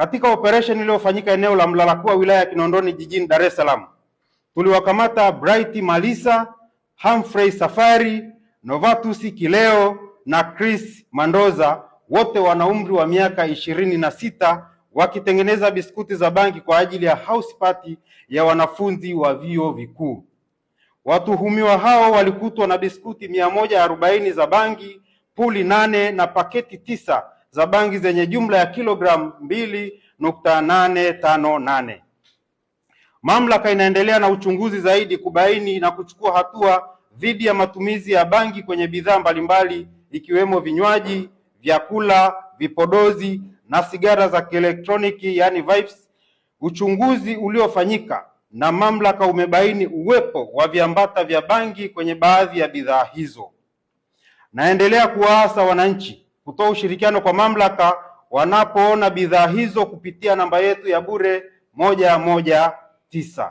Katika operesheni iliyofanyika eneo la Mlalakuwa wilaya ya Kinondoni jijini Dar es Salaam, tuliwakamata Bright Malisa, Humphrey Safari, Novatus Kileo na Chris Mandoza, wote wana umri wa miaka ishirini na sita wakitengeneza biskuti za bangi kwa ajili ya house party ya wanafunzi wa vyuo vikuu. Watuhumiwa hao walikutwa na biskuti mia moja arobaini za bangi, puli nane na paketi tisa za bangi zenye jumla ya kilogramu mbili nukta nane tano nane. Mamlaka inaendelea na uchunguzi zaidi kubaini na kuchukua hatua dhidi ya matumizi ya bangi kwenye bidhaa mbalimbali ikiwemo vinywaji, vyakula, vipodozi na sigara za kielektroniki yani vapes. Uchunguzi uliofanyika na mamlaka umebaini uwepo wa viambata vya bangi kwenye baadhi ya bidhaa hizo. Naendelea kuwaasa wananchi kutoa ushirikiano kwa mamlaka wanapoona bidhaa hizo kupitia namba yetu ya bure moja moja tisa.